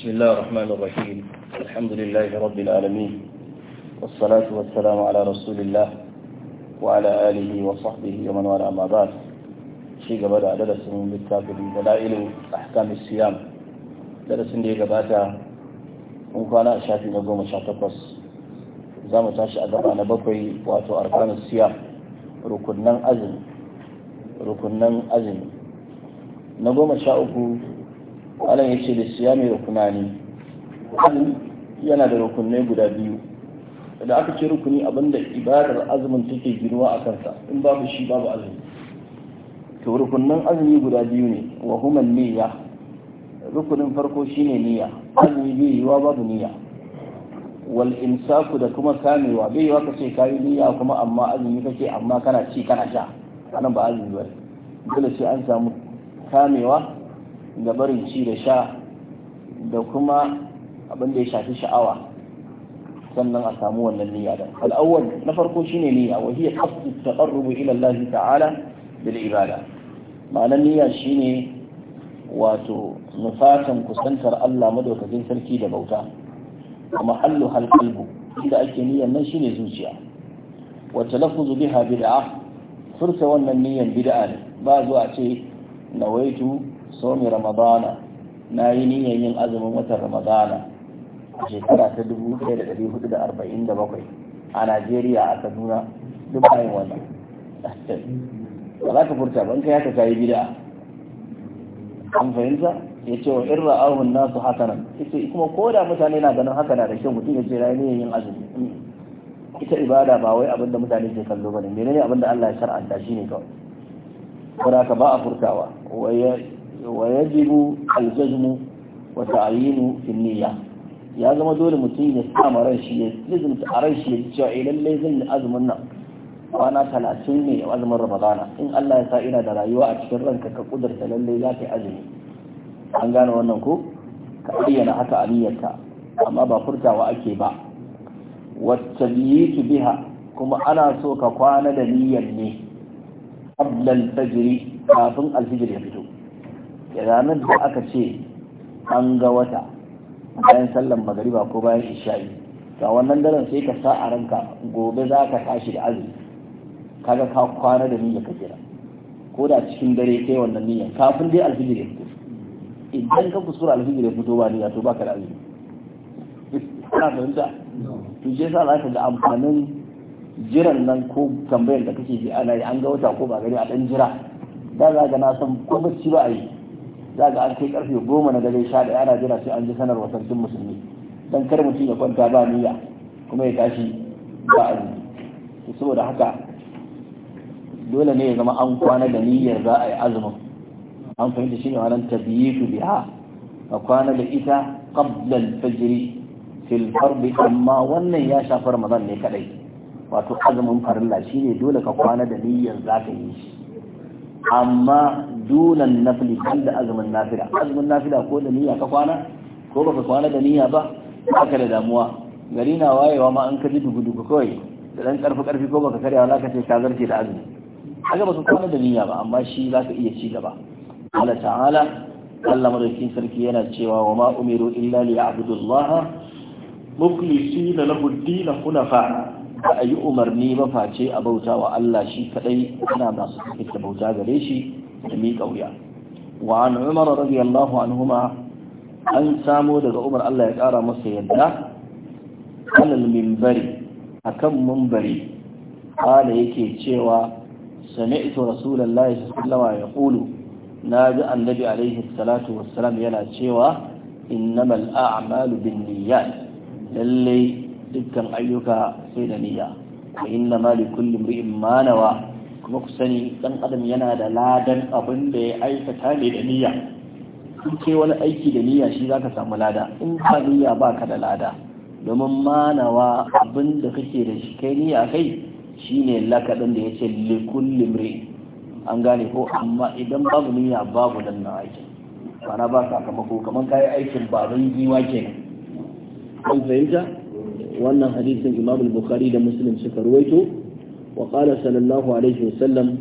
بسم الله الرحمن الرحيم الحمد لله رب العالمين والصلاة والسلام على رسول الله وعلى آله وصحبه ومن والاه ما بعد شيء قبل درس من بالكتاب دلائل أحكام الصيام درس دي قباتا ممكن شافي نقوم شاتقص زام تاشي أدرى أنا بقي واتو أركان الصيام ركنن أزن ركنن أزن نقوم شاؤكو wala ya ce da siya mai rukunani azumi yana da rukunai guda biyu da aka ce rukuni abinda ibadar azumin take ginuwa a kansa in babu shi babu azumi to rukunin azumi guda biyu ne wa human niyya rukunin farko shine niyya azumi bai yiwa babu niyya wal insaku da kuma kamewa bai yiwa ka ce kayi niyya kuma amma azumi kake amma kana ci kana sha anan ba azumi ba dole sai an samu kamewa da barin ci da sha da kuma abin da ya shafi sha'awa sannan a samu wannan niyya da al'awwal na farko shine niyya wa hiya qasdu taqarrubu ila Allah ta'ala bil ibada ma'anar niyya shine wato nufatan kusantar Allah madaukakin sarki da bauta kuma hallu hal qalbu inda ake niyyar nan shine zuciya wa talaffuzu biha bid'a furta wannan niyyar bid'a ne ba zuwa ce nawaitu Somi ramadana na yi niyyar yin azumin watan ramadana a shekara ta 1447 a najeriya a kaduna duk bayan wannan ba za ka furta ban kai haka kayi bida an fahimta ya ce wa irra ahun nasu hakanan ita kuma ko da mutane na ganin haka na da kyau mutum ya ce na niyyar yin azumi ita ibada ba wai abinda mutane ke kallo ba ne. menene abinda Allah ya shar'anta shine kawai ko da ka ba a furtawa wai wa ويجب الجزم وتعيين في النية ya zama dole mutum ya sama ran shi ya lizinta a ran shi ya cewa eh lallai zan yi azumin nan kwana talatin ne azumin raba ramadana in Allah ya sa ina da rayuwa a cikin ranka ka kudurta lallai za ka yi azumi an gane wannan ko ka ayyana haka aniyarka amma ba furtawa ake ba wacce biyitu biha kuma ana so ka kwana da niyyar ne qablal fajri kafin alfijir ya fito ranar da aka ce an ga wata bayan sallan magariba ko bayan isha'i to a wannan daren sai ka sa a ranka gobe za ka tashi da azumi kaga ka kwana da niyyar ka jira ko da cikin dare kai wannan niyyar kafin dai alfijir ya fito idan ka kusura alfijir ya fito ba niyya to baka da azumi kana fahimta to shi yasa za ka ga amfanin jiran nan ko tambayar da kake ji ana yi an ga wata ko ba gari a dan jira da za ga na san ko bacci ba a yi za ga an kai karfe goma na dare sha da ana jira sai an ji sanarwa sarkin musulmi dan kar mutum ya kwanta ba niyya kuma ya tashi ba a to saboda haka dole ne ya zama an kwana da niyyar za a yi azumin an fahimta shine wannan tabyitu biha a kwana da ita qabla al fil farbi amma wannan ya shafar ramadan ne kadai wato azumin farilla shine dole ka kwana da niyyar za ka yi shi amma dunan nafli ban da azumin nafila azumin nafila ko da niyya ka kwana ko baka kwana da niyya ba baka da damuwa gari na wayewa ma an kaji dugu dugu kawai da dan karfi karfi ko baka karya za ka ce ka zarce da azumi haka ba su kwana da niyya ba amma shi zaka ka iya ci gaba Allah ta'ala Allah madaukakin sarki yana cewa wa ma umiru illa liya'budu Allah mukhlisina lahu ad-din hunafa ba a yi umarni ba face a bauta wa Allah shi kadai ana masu kake bauta gare shi da mi kauya wa an Umar radiyallahu anhuma an samo daga Umar Allah ya kara masa yadda alal minbari akan minbari kala yake cewa sami'tu rasulullahi sallallahu alaihi yaqulu naji annabi alaihi salatu wassalam yana cewa innamal a'malu binniyat lallai dukkan ayyuka sai da niyya wa inna ma li kulli imrin ma nawa kuma ku sani dan adam yana da ladan abin da ya aikata ne da niyya in kai wani aiki da niyya shi zaka samu lada in ba niyya baka da lada domin manawa abin da kake da shi kai niyya kai shine lakaɗin da ya ce kulli limri an gane ko amma idan babu niyya babu dan na aiki ba ba sakamako kamar kayi aikin ba don giwa kenan an fahimta wannan hadisin imam al-bukhari da muslim suka ruwaito wa qala sallallahu alaihi wa sallam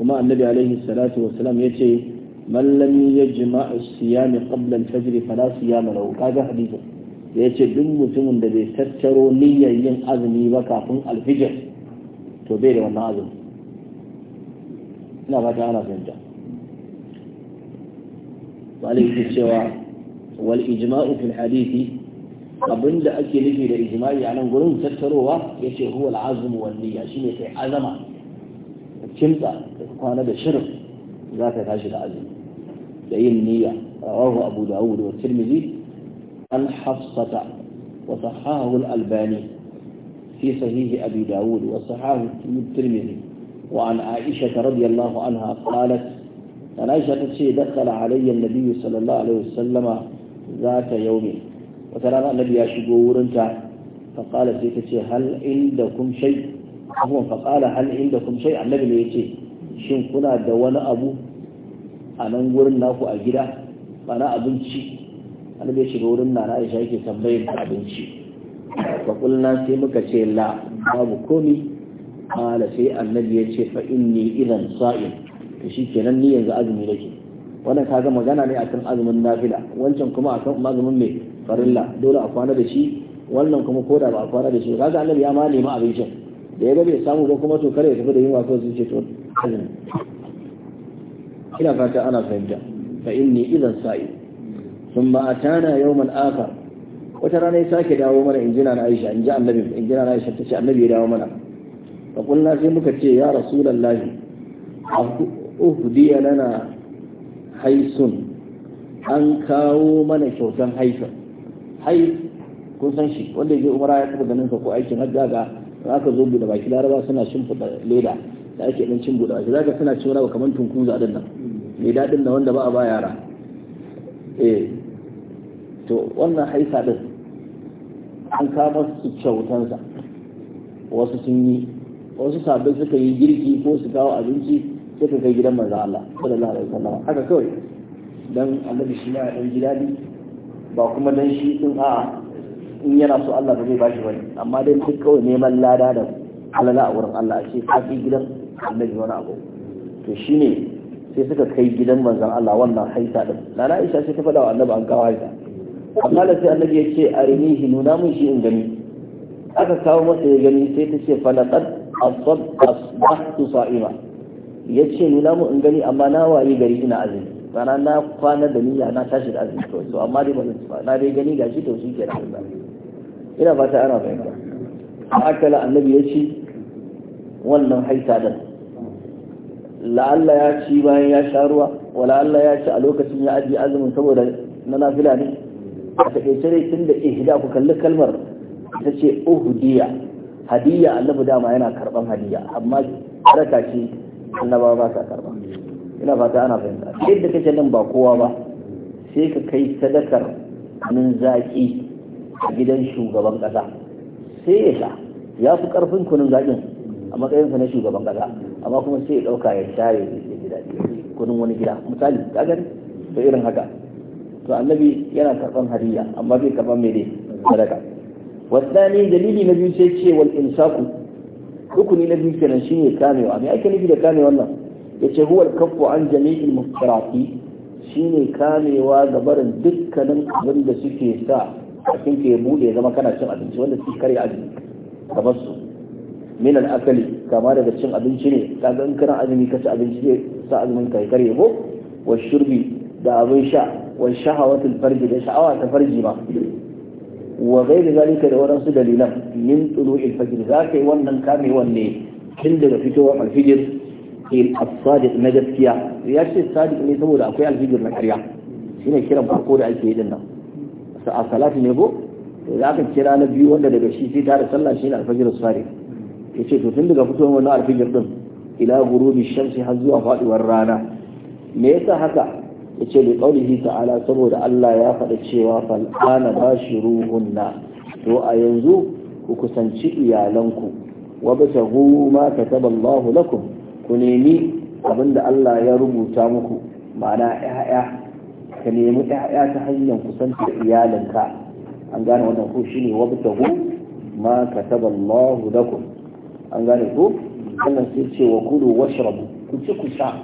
kuma annabi alaihi salatu wasallam yace man lam yajma' as-siyam qabla al-fajr fala siyama lahu kaga hadisin yace duk mutumin da bai tattaro niyyar yin azumi ba kafin al-fajr to bai da wannan azumi ina fata ana fahimta malik cewa wal ijma'u fil hadisi abinda ake nufi da ijma'i a nan gurin tattarowa ya ce huwa al'azum wal niyya shine kai azama ka kimtsa ka kwana da shirin za ka tashi da azumi da yin niyya rawahu abu dawud wa tirmidhi an hafsata wa sahahu al-albani fi sahih abi dawud wa sahahu tirmidhi wa an aisha radiyallahu anha qalat an aisha tace dakhala alayya an-nabiy sallallahu alaihi wasallama ذات يوم wata rana annabi ya shigo wurinta faƙala sai ta ce hal inda kum shai abuwan faƙala hal inda kum shai annabi ne ya ce shin kuna da wani abu a nan wurin naku a gida mana abinci annabi ya shiga wurin nana aisha yake tambayin abinci faƙulna sai muka ce la babu komi ƙala sai annabi ya ce fa inni idan sa'in to shi kenan ni yanzu azumi nake wannan kaga magana ne akan azumin nafila wancan kuma akan azumin mai farilla dole a kwana da shi wannan kuma ko da ba a kwana da shi kaga annabi ya ma nemi abincin da ya ga bai samu ba kuma to kare ya tafi da yin kawai sai ce to azumi ina fata ana fahimta fa inni idan sa'i thumma atana yawman akhar wata rana ya sake dawo mana injina na Aisha inji annabi injina na Aisha tace annabi ya dawo mana fa kullu sai muka ce ya rasulullahi uhdiya lana haisun an kawo mana kyautan haifar. hai kun san shi wanda je umara ya taba ganin sa ko aikin hajja ga ka zo bude baki laraba suna shimfiɗa leda da ake dan cin bude baki zaka suna cin wani kamar tunkun za nan mai daɗin na wanda ba a ba yara eh to wannan haisa din an kama su kyautansa wasu sun yi wasu sabbin suka yi girki ko su kawo abinci suka ka kai gidan manzo Allah sallallahu alaihi wasallam haka kawai dan Allah shi ya dan ji dadi ba kuma dan shi din a in yana so Allah ba zai bashi wani amma dai duk kawai neman lada da halala a wurin Allah a ce ka fi gidan annabi wani abu to shine sai suka kai gidan manzon Allah wannan haita din nana Aisha sai ta faɗa wa annabi an kawo haita amma da sai annabi ya ce arinihi nuna mun shi in gani aka kawo masa ya gani sai ta ce falaqad asbahtu sa'ima yace nuna mun in gani amma na wayi gari ina azumi Bana na kwana da niyya na tashi da azumi kawai to amma dai ba zan ba na dai gani gashi to shi ke da ina fata ana fahimta akala annabi ya ci wannan haita din la'alla ya ci bayan ya sha ruwa wa la'alla ya ci a lokacin ya ajiye azumin saboda na nafila ne a takaice dai tun da ihda ku kalli kalmar ta ce uhdiya hadiyya annabi dama yana karɓan hadiyya amma karaka ce annabawa ba sa ina fata ana fahimta yadda kake nan ba kowa ba sai ka kai sadakar nan zaki a gidan shugaban kasa sai ya sha ya fi karfin kunun zakin a sa na shugaban kasa amma kuma sai ya dauka ya share ya ji daɗi kunun wani gida misali ka gani to irin haka to annabi yana karban hadiya amma bai karban mai dai sadaka wasani dalili na biyu sai ce wal insaku rukuni na biyu kenan shine kamewa me ake nufi da kame wannan yace huwal kafu an jami'il muftarati shine kamewa ga barin dukkanin abin da suke sa a cikin ke bude zama kana cin abinci wanda suke karya azumi kamar su min al akali kama daga cin abinci ne kaga in kana azumi ka ci abinci ne sa azumin kai kare ko wa shurbi da abin sha wa shahawatul farji da sha'awa ta farji ma wa gairi zalika da waɗansu dalilan min tulu'il fajr za ka yi wannan kamewan ne tun daga fitowar alfijir الحقير na gaskiya ياشي sadiq ne saboda akwai alhijir na ƙarya shine kiran farko da ake yi din nan a salati ne bo? za ka kira na biyu wanda daga shi sai tare sallah shine alfajir sadiq yace to tun daga fitowar wannan alfajir din ila ghurubi shamsi har zuwa faduwar rana me yasa haka yace li qaulihi ta'ala saboda Allah ya faɗa cewa fal ana bashiruhunna to a yanzu ku kusanci iyalanku wa basahu ma kataba lakum ku nemi abinda Allah ya rubuta muku ma'ana ‘ya'ya ka nemi ‘ya'ya ta hanyar kusanta iyalinka an gane wannan ko shine wabta ma kataba Allah lakum an gane ko wannan sai ce wa kulu washrabu ku ci ku sha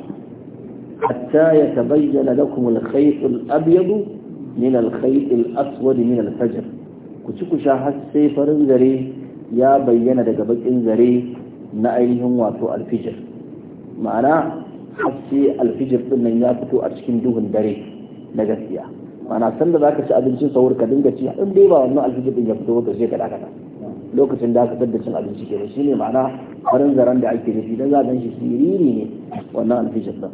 hatta ya tabayyana lakum al-khayt al-abyad min al-khayt al-aswad min al-fajr ku ci ku sha har sai farin zare ya bayyana daga bakin zare na ainihin wato al-fajr ma'ana haske alfijir din nan ya fito a cikin duhun dare na gaskiya ma'ana sanda za ka ci abincin sahur ka dinga ci in dai ba wannan alfijir din ya fito ka je ka ta lokacin da aka da cin abinci ke ba ne ma'ana farin zaren da ake nufi dan za shi siriri ne wannan alfijir din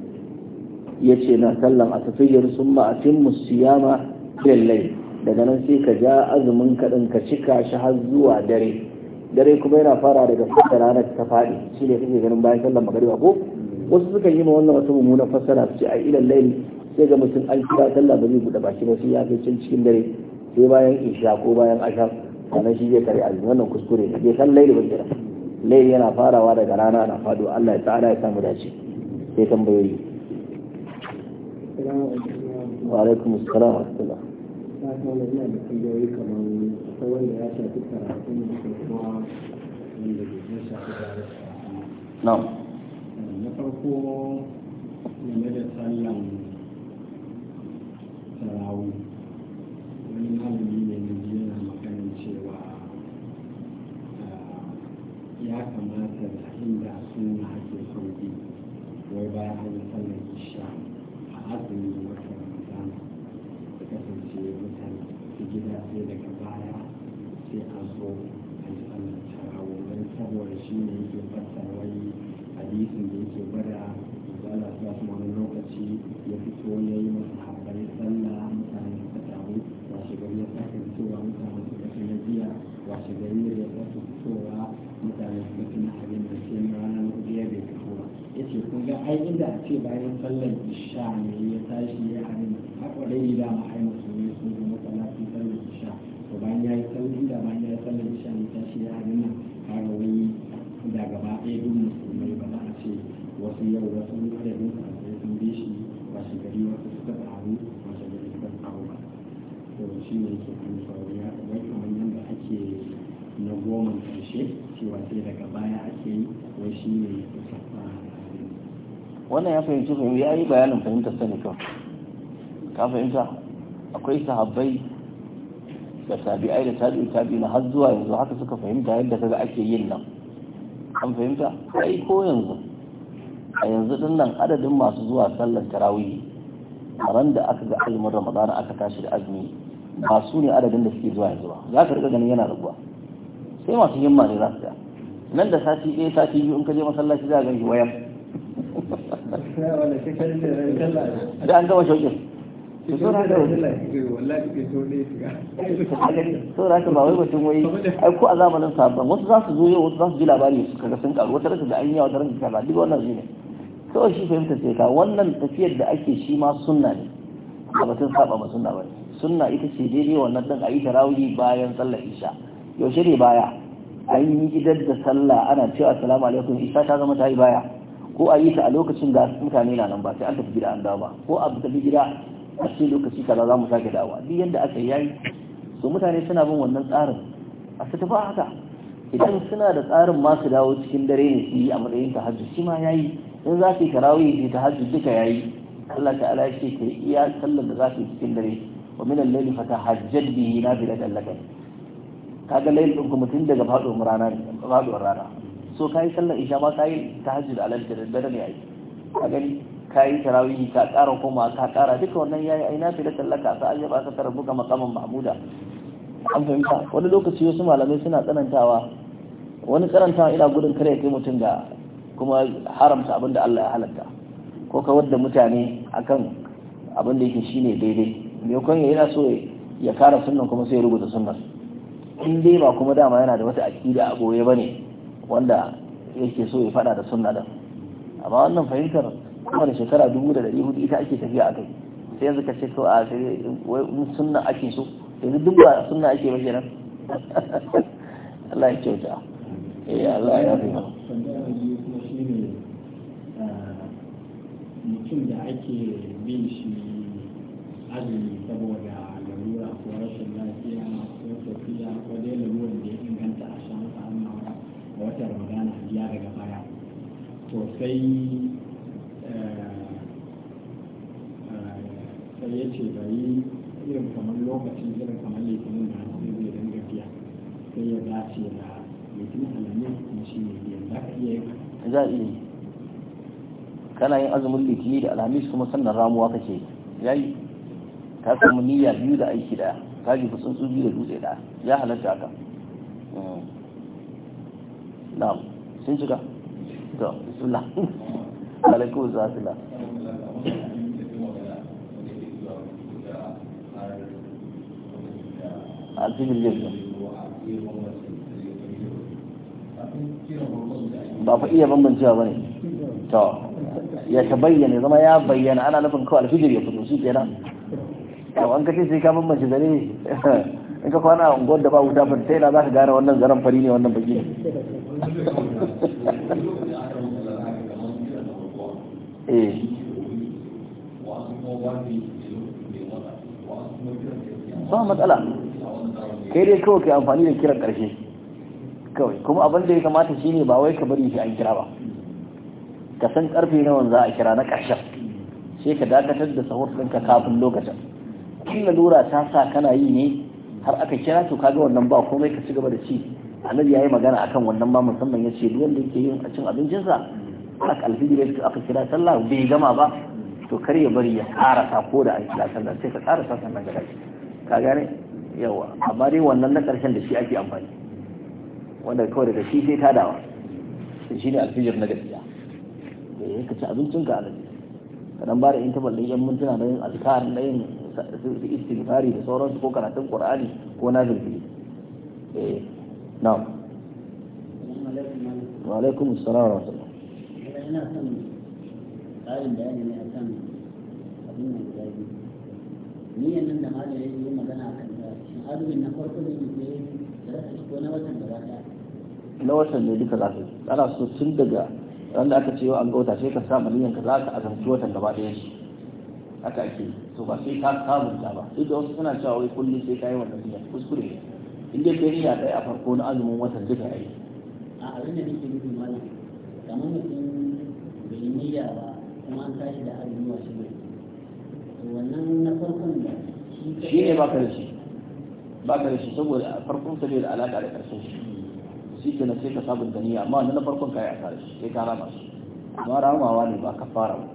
ya ce na sallan a tafiyar sun ma'atin musiyama lallai daga nan sai ka ja azumin kaɗan ka cika shi har zuwa dare dare kuma yana fara daga fata ranar ta faɗi shi ne kake ganin bayan sallan magariba ko wasu suka yi ma wannan wata mummunan fassara su ce a ilal laili sai ga mutum an kira sallah ba zai buɗe baki ba sai ya kai can cikin dare sai bayan isha ko bayan asha sannan shi zai kare azumi wannan kuskure ne bai san laili ba kira laili yana farawa daga rana na fado Allah ya tsara ya samu dace sai tambayoyi wa alaikum assalam wa rahmatullah Na'am. farko game da sallan tarawu wani malami ne na yana maganin cewa ah, ya kamata da inda suna ake sauki wai bayan hanyar sallan isha a azumin wata ramadan da kasance mutane su gida sai daga baya sai a zo a yi sallan tarawu don saboda shi ne yake fassara wai hadisin da yake gwada zala ta kuma wani lokaci ya fito ya yi masa haɓar sallah mutane suka taru washe gari ya sake fitowa mutane suka fi na biya washe gari ya sake fitowa mutane suka fi na abin da ke ranar biya bai fito ba ya ce kun ga ai inda a ce bayan sallar isha ne ya tashi ya harin haƙwarai da ma'ai musulmi sun zama shi ne faruwa kamar yadda ake na goma cewa sai daga baya ake yi wai shi ne wannan ya fahimci fahimci ya yi bayanin fahimtar sa ne kawai ka fahimta akwai sahabbai da tabi'ai da tabi'in tabi'in na har zuwa yanzu haka suka fahimta yadda kaga ake yin nan an fahimta kai ko yanzu a yanzu din nan adadin masu zuwa sallar tarawih a ran da aka ga azumin ramadana aka tashi da azumi Masu ne adadin da suke zuwa yanzu za ka riga ganin yana raguwa sai masu himma ne za su ga nan da sati ɗaya sati biyu in ka je masallaci za a ganshi wayan da an gama shauƙin saura ka ba wai mutum wai ai ko a zamanin sabon wasu za su zo yau wasu za su ji labari su kaga sun karu wata rashin da an yi wata rashin kaza duk wannan ne kawai shi fahimta sai ka wannan tafiyar da ake shi ma sunna ne a batun saba ma sunna ne. sunna ita ce daidai wannan dan a yi tarawih bayan sallar isha yaushe ne baya ayi yi idan da sallah ana cewa assalamu alaikum isha ta zama ta yi baya ko a yi ta a lokacin da mutane na nan ba sai an tafi gida an dawo ba ko a tafi gida a ce lokaci kaza za mu sake dawowa duk yadda aka yi so mutane suna bin wannan tsarin a su tafi haka idan suna da tsarin ma su dawo cikin dare ne su yi a matsayin ta hajji shi ma yayi in za su yi tarawih ne hajji duka yayi Allah ta'ala ya ce ka iya sallar da za su yi cikin dare wa min al-layli fatahajjad bihi nafilatan lak kaga layl din kuma tun daga faduwar rana ne faduwar rana so kai sallar isha ma kai tahajjud alal dare ne ai ka gani kai tarawih ka ƙara koma ka ƙara duka wannan yayi ai nafilatan lak sai an yaba ka tarbuka makaman mahmuda an fahimta wani lokaci wasu malamai suna tsanantawa wani tsanantawa ina gudun kare ya kai mutum ga kuma haramta abin da Allah ya halatta ko kawar da mutane akan abin da yake shine daidai maimakon ya yana so ya kara sunan kuma sai ya rubuta sunan in dai ba kuma dama yana da wata aƙida a goye ba ne wanda yake so ya fada da sunna da amma wannan fahimtar kuma da shekara dubu da ɗari hudu ita ake tafiya a kai sai yanzu ka ce to a sai wai sunna ake so yanzu duk ba sunna ake ba kenan Allah ya kyauta eh Allah ya fi eh, mutum da ake bin shi azumi saboda lalura ko rashin lafiya ko tafiya ko dai lalurar da ya inganta a shan masa amma a wata ramadana biya daga baya to sai eh, eh, sai ya ce bari irin kamar lokacin irin kamar laifin da hannu zai dan gafiya sai ya dace da laifin alamin kuma shi ne biyan za ka iya yi za a iya kana yin azumin litini da alhamis kuma sannan ramuwa kake yayi ka samu niyya biyu da aiki daya ka jefa tsuntsu biyu da dutse daya ya halatta haka hmm. na'am sun shiga to bismillah alaikum assalam alfijir zai zo ba fa iya bambancewa ba ne to ya ta bayyana zama ya bayyana ana nufin kawai alfijir ya fito shi kenan an kace sai ka mace zare in ka kwana a unguwar da ba wuta ba sai na za ka gane wannan zaren fari ne wannan baki ne eh. ba matsala kai dai kawai kai amfani da kiran karshe kawai kuma abin da ya kamata shine ba wai ka bari shi an kira ba ka san karfe nawa za a kira na karshen sai ka dakatar da sahur ɗinka kafin lokacin kin lura ta sa kana yi ne har aka kira to kaga wannan ba komai ka ci gaba da ci annabi yayi magana akan wannan ba musamman ya ce wanda yake yin a cin abincinsa aka alfijir aka kira sallah bai gama ba to kar ya bari ya karasa ko da an kira sallah sai ka karasa sannan ka dace ka gane yawa amma dai wannan na karshen da shi ake amfani wanda kawai daga shi sai tadawa shi ne alfijir na gaskiya da ya kaci abincin ka nan kadan ba da intabal ɗin yan mintuna na yin alkar na yin su istighfari da sauransu ko karatun qur'ani ko na jirgi eh na'am wa alaikum assalam wa rahmatullah ina son tsarin bayani ne akan abin da ya yi ni yannan da malam ya yi magana kan shin azumin na farko ne ne da ko na watan gaba daya na watan ne duka za su ana so tun daga wanda aka ce wa an gauta sai ka samu miliyan ka za ka azanci watan gaba ɗayan shi haka ake to ba sai ka sabunta ba duk da wasu suna cewa wai kullum sai ka yi wannan niyya kuskure ne in dai kai niyya kai a farko na azumin watan duka yayi a abin da nake nufi malam kamar mutum bai yi niyya ba kuma an tashi da azumi wa shi ne to wannan na farkon da shi ne baka da shi baka da shi saboda farkon sa bai da alaka da karshen shi shi ke sai ka sabunta niyya amma na farkon ka yi a kare shi sai ka rama shi amma ramawa ne ba ka fara ba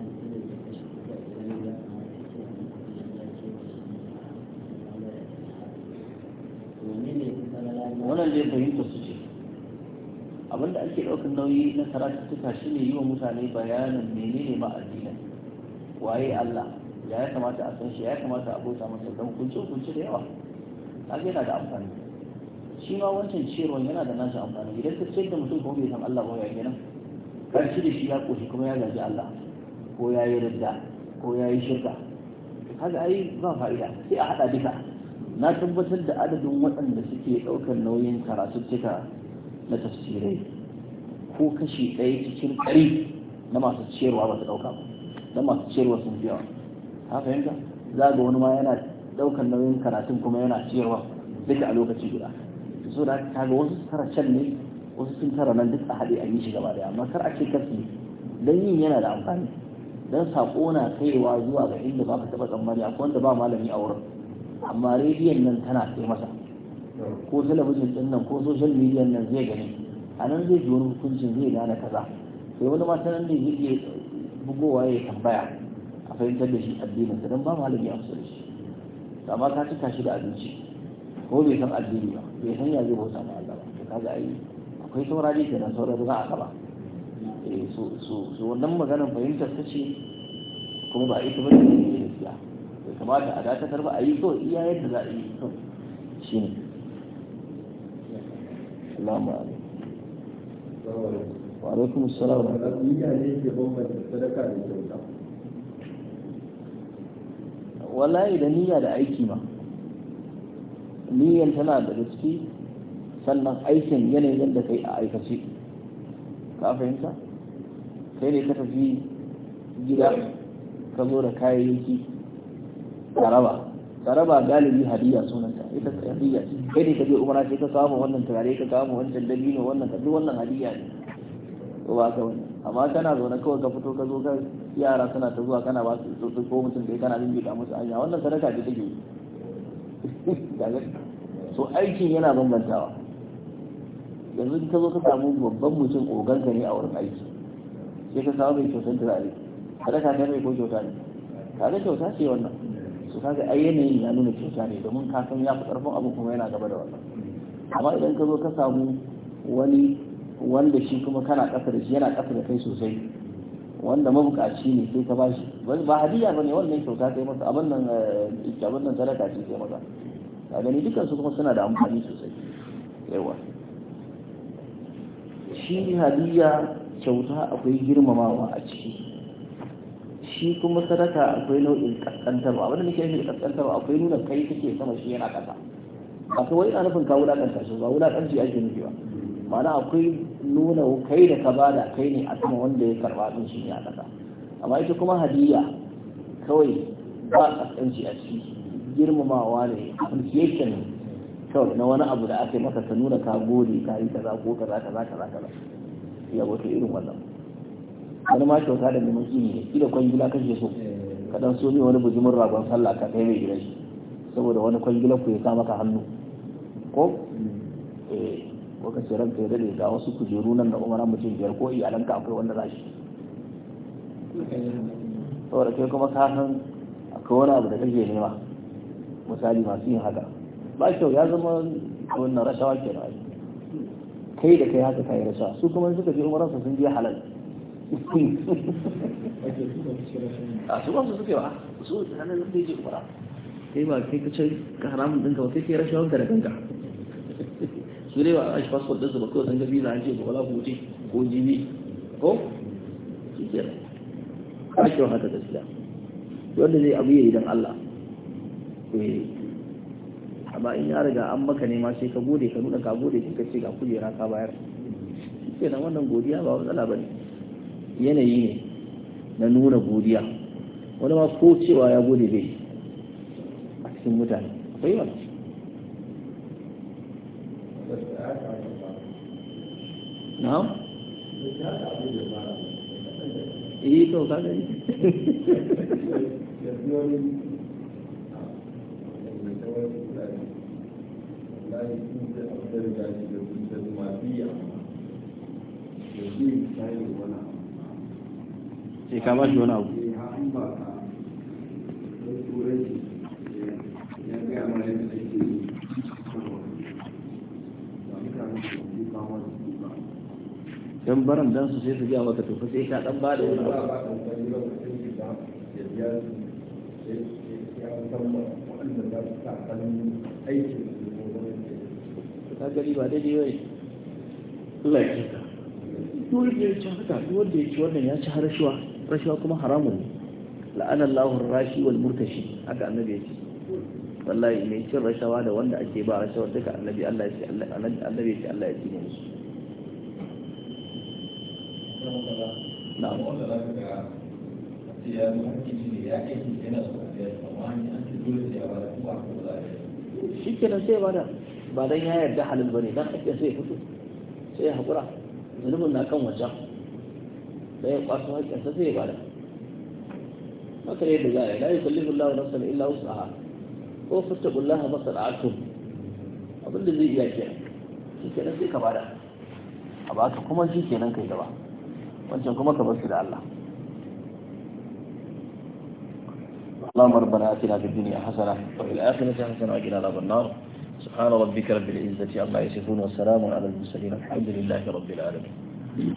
wannan zai fahimta su ce abinda ake ɗaukar nauyi na karatuttuka shi ne yi wa mutane bayanin menene ma addinin waye Allah ya ya kamata a san shi ya kamata a bauta masa don kunce kunce da yawa kaga yana da amfani shi ma wancan ciyarwan yana da nasu amfani idan ka ce da mutum ko bai san Allah ba ya gina. kan shi da shi ya koshi kuma ya gaji Allah ko ya yi ridda ko ya yi shirka kaga ai ba fa'ida sai a haɗa duka na tabbatar da adadin waɗanda suke ɗaukar nauyin karatuttuka na tafsirai ko kashi ɗaya cikin ɗari na masu ciyarwa ba su ɗauka ba na masu ciyarwa sun fi yawa ka fahimta za ga wani ma yana ɗaukar nauyin karatun kuma yana ciyarwa duka a lokaci guda so da ka ga wasu tara can ne wasu sun tara nan duk a haɗe a yi shi gaba ɗaya. amma kar a ce kafi don yin yana da amfani Dan saƙo na kaiwa zuwa ga inda ba ka taɓa tsammani akwai wanda ba malami a wurin amma rediyon nan tana ce masa ko talabijin din nan ko social media nan zai gani a nan zai ji wani hukuncin zai gane kaza sai wani ma sanan ne zai bugowa ya tambaya a fahimtar da shi addinin sa dan ba malami a kusa da shi amma ka cika shi da abinci ko bai san addini ba bai san ya zai bauta ma Allah ba kaga ai akwai saurari nan saurari za a gaba eh, so wannan maganar fahimtar ta ce kuma ba a ita ba da gaskiya bai kamata a dakatar ba a yi kawai iya yadda za a yi kawai shi ne salamu alaikum wa alaikum salam wallahi da niyya da aiki ma niyyar tana da gaske sannan aikin yanayin yadda kai a aikace ka fahimta kai ne ka tafi gida ka zo da kayayyaki taraba taraba galibi hadiya sunanta ita hadiya kai ne ka je umara sai ka samu wannan turare ka samu wancan dabino wannan ka duk wannan hadiya ne to ba ka wani amma kana zaune kawai ka fito ka zo ka yara suna ta zuwa kana ba su su ko mutum kai kana bin bita musu anya wannan sadaka ce take so aikin yana bambantawa yanzu ka zo ka samu babban mutum oganka ne a wurin aiki sai ka samu mai kyautar turare sadaka ne mai ko kyauta ne kaga kyauta ce wannan su kaga ai yanayin ya nuna kyauta ne domin ka san ya fi karfin abu kuma yana gaba da wannan amma idan ka zo ka samu wani wanda shi kuma kana ƙasa da shi yana ƙasa da kai sosai wanda mabukaci ne sai ka bashi ba hadiya ba ne wannan kyauta kai masa abin nan eh, abin nan sadaka ce kai masa ka gani dukkan su kuma suna da amfani sosai yawa shi hadiya kyauta akwai girmamawa a ciki shi kuma sadaka akwai nau'in kaskantarwa wanda nake nufi kaskantarwa akwai nuna kai kake sama shi yana kasa ba kai wani nufin ka wulakanta shi ba wulakanci ake nufi ba ma'ana akwai nuna kai da ka da kai ne a sama wanda ya karba din shi ne a kasa amma ita kuma hadiya kawai ba kaskanci a ciki girmamawa ne appreciation kawai na wani abu da aka yi masa ka nuna ka gode ka yi kaza ko kaza kaza kaza kaza yabo ta irin wannan wani ma shauta da neman ne ila kwangila kake so ka dan so ne wani bujimin ragon sallah ka kai mai gidan shi saboda wani kwangila ku ya sa maka hannu ko eh kuka ce ranka ya dade ga wasu kujeru nan da umara mutum biyar ko iyalanka akwai wanda za shi saboda kai kuma ka san akwai wani abu da kake nema misali masu yin haka ba kyau ya zama wannan rashawa kenan kai da kai haka kai rashawa su kuma suka je umaransa sun je halal a su ba su suke ba su ranar da ya ce kwara kai ba kai kacin ka haramun ɗinka ba kai kai rashin wanka da kanka su ne ba a shi fasfot ɗinsu ba kawai zanga biza an ce ba wala hoce ko jibi ko su ke rai a shi haka gaskiya wanda zai abu ya idan Allah eh, amma in ya riga an maka nema sai ka gode ka nuna ka gode ka ce ga kujera ka bayar shi ke nan wannan godiya ba matsala ba ne yanayi ne na nuna godiya wani ma ko cewa ya gode bai a cikin mutane akwai wani na eh to ka gani Thank you. sai eh, ka ba shi wani abu dan baran dan su sai su a maka to sai ka dan bada wani abu ka gari ba daidai wai Allah ya kika ya ci haka dole ya ci wannan ya ci har shuwa rashawa kuma haramun la'ana Allahun rashi wal murtashi haka annabi yake wallahi mai cin rashawa da wanda ake ba rashawa duka annabi Allah ya ce annabi ya ce Allah ya tsine musu shi ke nan sai ba da ba dan ya yarda halal bane dan ake sai fito sai ya hakura zunubin na kan wajen da ya kwaso haƙƙinsa zai bada haka ne da za a yi la yukallifu Allahu nafsan illa wus'aha ko fastaqullaha masara'atum abin da zai iya kenan shi nan sai ka bada a ka kuma shi nan kai gaba wancan kuma ka bar shi da Allah اللهم ربنا في الدنيا حسنة وفي الآخرة حسنة وقنا عذاب النار سبحان ربك رب العزة عما يصفون وسلام على المرسلين الحمد لله رب العالمين